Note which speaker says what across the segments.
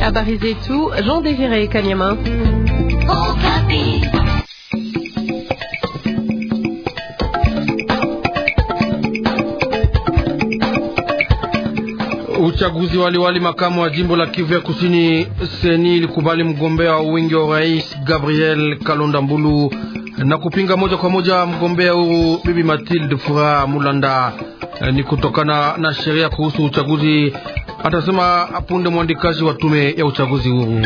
Speaker 1: Habari zetu Jean Désiré Kanyama.
Speaker 2: Uchaguzi waliwali makamu wa jimbo la Kivu ya Kusini, Seni ilikubali mgombea wa wingi wa urais Gabriel Kalonda Mbulu na kupinga moja kwa moja mgombea huru Bibi Mathilde Fura Mulanda. Eh, ni kutokana na sheria kuhusu uchaguzi, atasema apunde mwandikaji wa tume ya uchaguzi huru.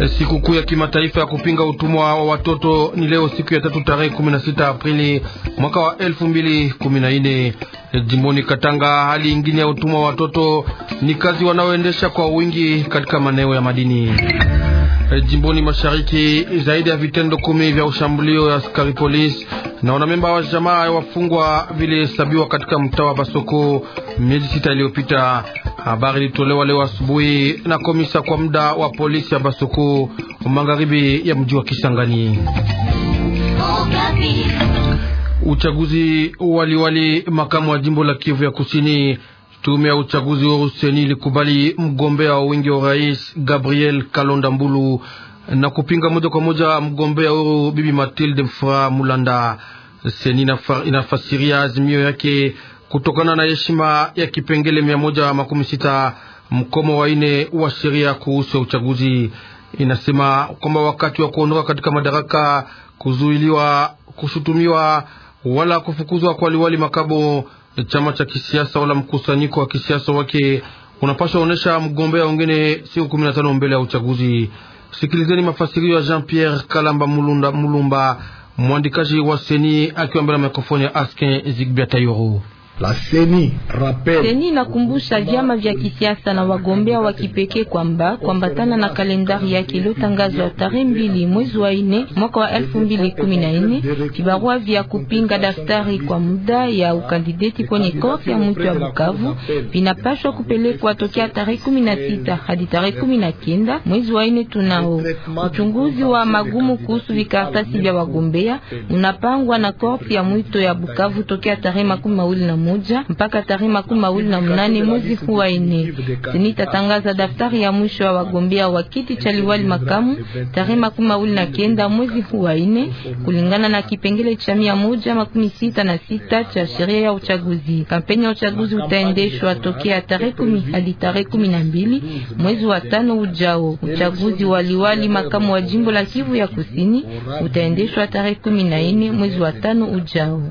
Speaker 2: Eh, sikukuu ya kimataifa ya kupinga utumwa wa watoto ni leo siku ya tatu tarehe 16 Aprili mwaka wa 2014 eh, jimboni Katanga. Hali ingine ya utumwa wa watoto ni kazi wanaoendesha kwa wingi katika maeneo ya madini jimboni mashariki. Zaidi ya vitendo kumi vya ushambulio ya askari polisi na wanamemba wa jamaa ya wafungwa vilihesabiwa katika mtaa wa Basoko miezi sita iliyopita. Habari ilitolewa leo asubuhi na komisa kwa muda wa polisi ya Basoko magharibi ya mji wa Kisangani. Uchaguzi waliwali wali makamu wa jimbo la Kivu ya Kusini. Tume ya uchaguzi wa Useni ilikubali mgombea wa wingi wa rais Gabriel Kalonda Mbulu na kupinga moja kwa moja mgombea huru bibi matilde Mfra Mulanda. Seni inafasiria azimio yake kutokana na heshima ya kipengele mia moja makumi sita mkomo wa ine wa sheria kuhusu uchaguzi. Inasema kwamba wakati wa kuondoka katika madaraka, kuzuiliwa, kushutumiwa wala kufukuzwa kwa liwali makabo, chama cha kisiasa wala mkusanyiko wa kisiasa wake unapaswa onyesha mgombea wengine siku kumi na tano mbele ya uchaguzi. Sikilizeni mafasirio ya Jean Pierre Kalamba Mulumba, mwandikaji wa seni akiwa mbele ya mikrofoni ya Askin Zigbia la seni rappel
Speaker 1: seni nakumbusha vyama vya kisiasa na wagombea wa kipekee kwamba kuambatana na kalendari yake iliyotangazwa tarehe mbili mwezi wa nne mwaka wa elfu mbili kumi na nne vibarua vya kupinga daftari kwa muda ya ukandideti kwenye korti ya mtu ya Bukavu vinapashwa kupelekwa tokea tarehe kumi na sita hadi tarehe kumi na kenda mwezi wa nne. Tunao uchunguzi wa magumu kuhusu vikaratasi vya wagombea unapangwa na korti ya mwito ya Bukavu tokea tarehe makumi mawili na moja mpaka tarehe makumi mawili na mnane mwezi huu wa ine. Seni itatangaza daftari ya mwisho ya wagombea wa kiti cha liwali makamu tarehe makumi mawili na kenda mwezi huu wa ine kulingana na kipengele cha mia moja makumi sita na sita cha sheria ya uchaguzi. Kampeni ya uchaguzi utaendeshwa tokea tarehe kumi hadi tarehe kumi na mbili mwezi wa tano ujao. Uchaguzi wa liwali makamu wa jimbo la Kivu ya kusini utaendeshwa tarehe kumi na ine mwezi wa tano ujao.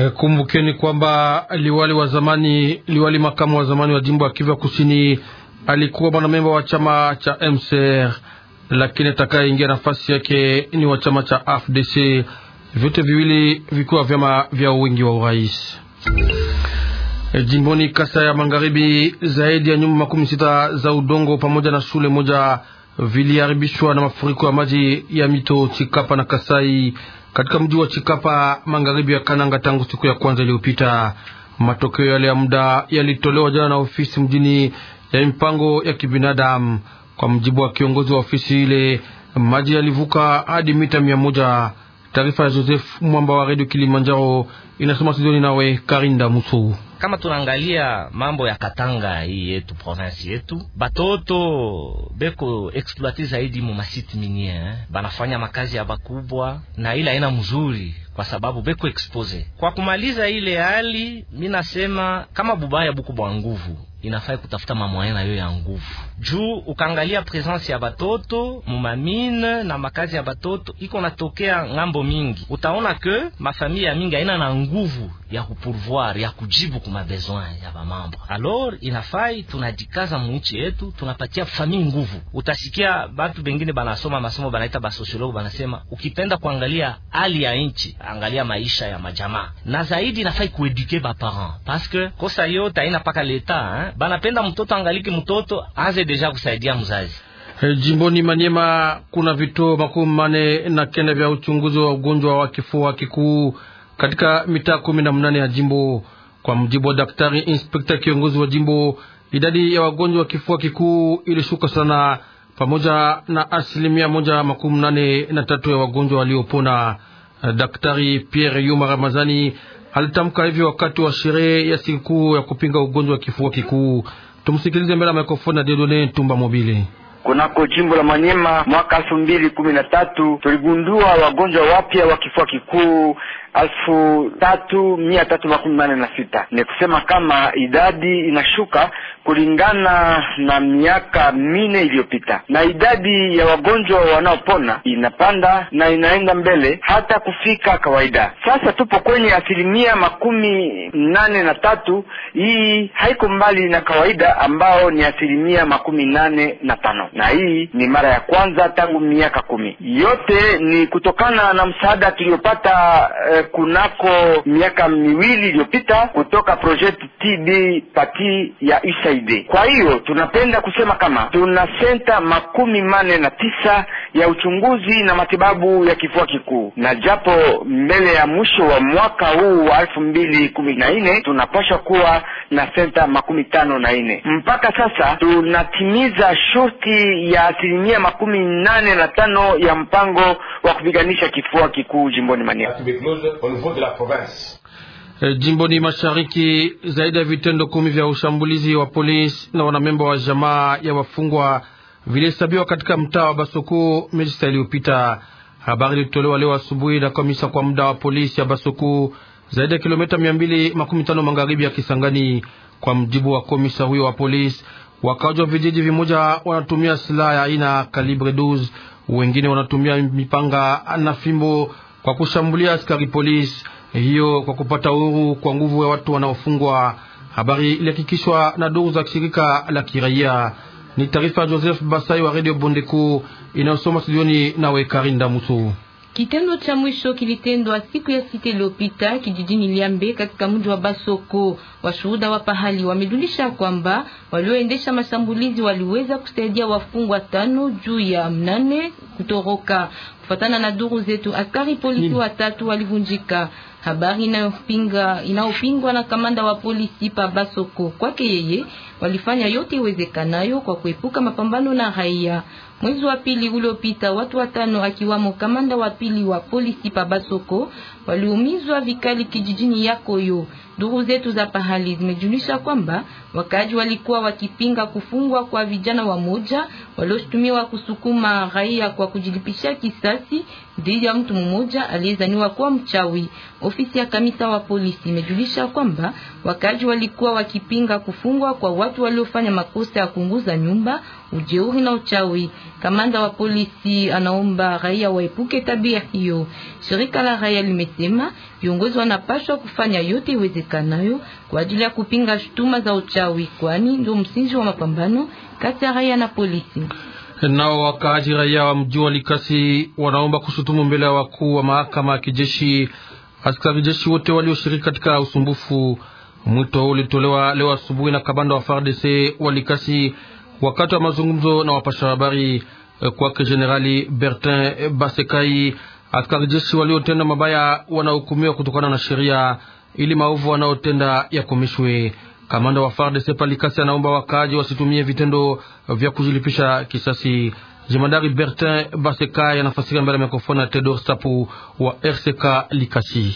Speaker 2: Eh, kumbukeni kwamba liwali wa zamani, liwali makamu wa zamani wa jimbo ya Kivu Kusini alikuwa mwanamemba wa chama cha MCR, lakini atakayeingia nafasi yake ni wa chama cha AFDC, vyote viwili vikiwa vyama vya wingi wa urais. Eh, jimboni Kasa ya Magharibi, zaidi ya nyumba makumi sita za udongo pamoja na shule moja viliharibishwa na mafuriko ya maji ya mito Chikapa na Kasai katika mji wa Chikapa magharibi ya Kananga tangu siku ya kwanza iliyopita. Matokeo yale ya muda yalitolewa jana na ofisi mjini ya mipango ya kibinadamu. Kwa mjibu wa kiongozi wa ofisi ile, maji yalivuka hadi mita mia moja. Taarifa ya Joseph Mwamba wa Radio Kilimanjaro inasoma studioni nawe Karinda Musu.
Speaker 3: Kama tunaangalia mambo ya Katanga hii yetu province yetu, batoto beko exploite zaidi mu masite minier, banafanya makazi ya bakubwa na ila ina mzuri kwa sababu beko expose. Kwa kumaliza ile hali, mi nasema kama bubaya buku bwa nguvu inafai kutafuta mamwaya nayo ya nguvu juu ukaangalia presence ya batoto mumamine na makazi ya batoto iko natokea ngambo mingi, utaona ke mafamili ya mingi aina na nguvu ya kupourvoir ya kujibu kuma besoin ya bamambo. Alors inafai tunajikaza muichi yetu, tunapatia famili nguvu. Utasikia batu bengine banasoma masomo banaita basosiologo, banasema ukipenda kuangalia hali ya nchi, angalia maisha ya majamaa, na zaidi inafai kueduke baparent parce que kosa yote haina paka leta hein? banapenda mtoto angaliki mtoto aze deja kusaidia mzazi.
Speaker 2: Hey, jimboni Manyema kuna vituo makumi mane na kenda vya uchunguzi wa ugonjwa wa kifua kikuu katika mitaa kumi na mnane ya jimbo. Kwa mjibu wa daktari inspekta kiongozi wa jimbo, idadi ya wagonjwa wa kifua kikuu ilishuka sana, pamoja na asilimia moja makumi nane na tatu ya wagonjwa waliopona. E, daktari Pierre Yuma Ramazani Alitamka hivyo wakati wa sherehe ya sikukuu ya kupinga ugonjwa wa kifua kikuu. Tumsikilize mbele ya mikrofoni na Dedone Tumba Mobile.
Speaker 3: Kunako jimbo la Manyema mwaka elfu mbili kumi na tatu tuligundua wagonjwa wapya wa kifua kikuu elfu tatu mia tatu makumi nane na sita. Ni kusema kama idadi inashuka kulingana na miaka mine iliyopita, na idadi ya wagonjwa wanaopona inapanda na inaenda mbele hata kufika kawaida. Sasa tupo kwenye asilimia makumi nane na tatu. Hii haiko mbali na kawaida ambao ni asilimia makumi nane na tano, na hii ni mara ya kwanza tangu miaka kumi. Yote ni kutokana na msaada tuliopata eh, kunako miaka miwili iliyopita kutoka projekti TB pati ya Isa USAID. Kwa hiyo tunapenda kusema kama tuna senta makumi mane na tisa ya uchunguzi na matibabu ya kifua kikuu, na japo mbele ya mwisho wa mwaka huu wa elfu mbili kumi na nne tunapasha kuwa na senta makumi tano na nne. Mpaka sasa tunatimiza shurti ya asilimia makumi nane na tano ya mpango wa kupiganisha kifua kikuu jimboni Maniema.
Speaker 2: Eh, jimboni mashariki zaidi ya vitendo kumi vya ushambulizi wa polisi na wanamemba wa jamaa ya wafungwa vilihesabiwa katika mtaa wa basukuu Mejista iliyopita. Habari ilitolewa leo asubuhi na komisa kwa muda wa polisi ya basukuu zaidi ya kilomita tano magharibi ya Kisangani. Kwa mjibu wa komisa huyo wa polisi, wakaaji wa vijiji vimoja wanatumia silaha ya aina kalibre 12, wengine wanatumia mipanga na fimbo kwa kushambulia askari polisi hiyo kwa kupata uhuru kwa nguvu ya watu wanaofungwa. Habari ilihakikishwa na duru za shirika la kiraia. Ni taarifa ya Joseph Basai wa Radio Bondeku inayosoma studioni nawe Karinda Musu.
Speaker 1: Kitendo cha mwisho kilitendwa siku ya sita iliyopita kijijini Liambe katika mji wa Basoko. Washuhuda wa pahali wamedulisha kwamba walioendesha mashambulizi waliweza kusaidia wafungwa tano juu ya mnane kutoroka. Kufatana na duru zetu, askari polisi watatu walivunjika habari inayopinga inayopingwa na kamanda wa polisi pa Basoko. Kwake yeye walifanya yote iwezekanayo kwa kuepuka mapambano na raia. Mwezi wa pili uliopita, watu watano akiwamo kamanda wa pili wa polisi Pabasoko waliumizwa vikali kijijini Yakoyo. Duru zetu za pahali zimejulisha kwamba wakaaji walikuwa wakipinga kufungwa kwa vijana wa moja walioshtumiwa kusukuma raia kwa kujilipisha kisasi dhidi ya mtu mmoja aliyezaniwa kuwa mchawi. Ofisi ya kamisa wa polisi imejulisha kwamba wakaaji walikuwa wakipinga kufungwa kwa watu watu waliofanya makosa ya kunguza nyumba, ujeuri na uchawi. Kamanda wa polisi anaomba raia waepuke tabia hiyo. Shirika la raia limesema viongozi wanapaswa kufanya yote iwezekanayo kwa ajili ya kupinga shutuma za uchawi, kwani ndio msingi wa mapambano kati ya raia na polisi.
Speaker 2: Nao wakaaji raia wa mji wa Likasi wanaomba kushutumu mbele ya wakuu wa mahakama ya kijeshi askari jeshi wote walioshiriki katika usumbufu Mwito ulitolewa leo asubuhi na kabanda wa FARDC walikasi wakati wa mazungumzo na wapasha habari. Kwake Generali Bertin Basekai, askari jeshi waliotenda mabaya wanahukumiwa kutokana na sheria ili maovu wanaotenda yakomeshwe. Kamanda wa FARDC Palikasi anaomba wakaaji wasitumie vitendo vya kujilipisha kisasi. Jemadari Bertin Basekai anafasika mbele ya mikrofoni ya Tedor Sapu wa RCK Likasi.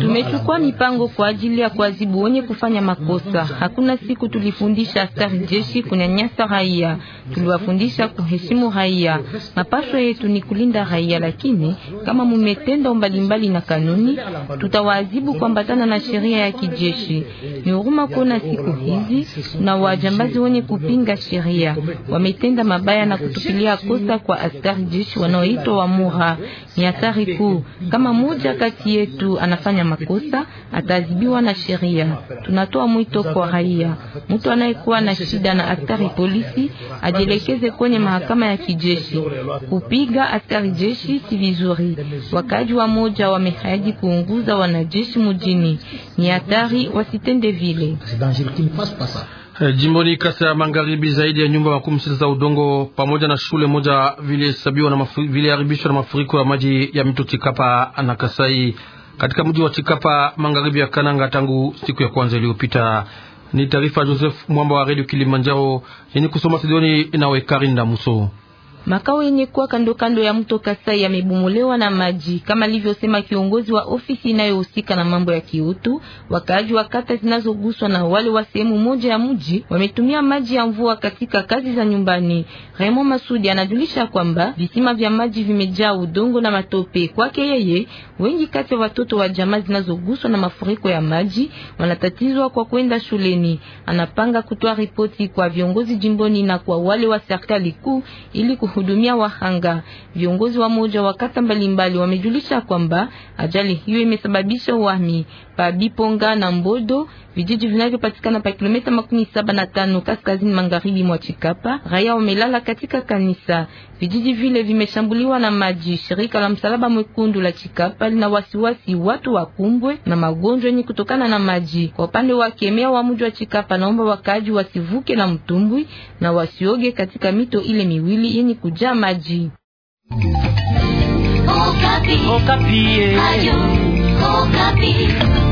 Speaker 1: Tumechukua mipango kwa ajili ya kuadhibu wenye kufanya makosa. Hakuna siku tulifundisha askari jeshi kunyanyasa raia tuliwafundisha kuheshimu raia. Mapaswa yetu ni kulinda raia, lakini kama mumetenda mbalimbali na kanuni, tutawaadhibu kuambatana na sheria ya kijeshi. Ni huruma kuona siku hizi na wajambazi wenye kupinga sheria wametenda mabaya na kutupilia kosa kwa askari jeshi wanaoitwa wa wamura. Ni hatari kuu. Kama mmoja kati yetu anafanya makosa, ataadhibiwa na sheria. Tunatoa mwito kwa raia, mtu anayekuwa na shida na askari polisi wajielekeze kwenye mahakama ya kijeshi. Kupiga askari jeshi si vizuri. Wakaji wa moja wamehaji kuunguza wanajeshi mujini, ni hatari, wasitende vile.
Speaker 2: Eh, Jimboni Kasa ya Magharibi, zaidi ya nyumba makumi sita za udongo pamoja na shule moja vilihesabiwa na viliharibishwa na mafuriko ya maji ya mto Chikapa na Kasai katika mji wa Chikapa magharibi ya Kananga tangu siku ya kwanza iliyopita. Ni taarifa Joseph Mwamba wa Radio Kilimanjaro yenye kusoma Sidoni nawe Muso.
Speaker 1: Makao yenye kuwa kando kando ya mto Kasai yamebomolewa na maji, kama alivyosema kiongozi wa ofisi inayohusika na mambo ya kiutu. Wakaaji wa kata zinazoguswa na wale wa sehemu moja ya mji wametumia maji ya mvua katika kazi za nyumbani. Raymond Masudi anajulisha kwamba visima vya maji vimejaa udongo na matope. Kwake yeye, wengi kati ya watoto wa jamaa zinazoguswa na mafuriko ya maji wanatatizwa kwa kwenda shuleni. Anapanga kutoa ripoti kwa viongozi jimboni na kwa wale wa serikali kuu ili kuhudumia wahanga. Viongozi wa moja wa kata mbalimbali wamejulisha kwamba ajali hiyo imesababisha uhami pa Biponga na Mbodo, vijiji vinavyopatikana pa kilomita makumi saba na tano kaskazini magharibi mwa Chikapa. Raia wamelala katika kanisa, vijiji vile vimeshambuliwa na maji. Shirika la Msalaba Mwekundu la Chikapa lina wasiwasi watu wakumbwe na magonjwa yenye kutokana na maji. Kwa upande wake, meya wa mji wa Chikapa naomba wakaaji wasivuke na mtumbwi na wasioge katika mito ile miwili yenye kujaa maji.
Speaker 3: Okapi. Okapi.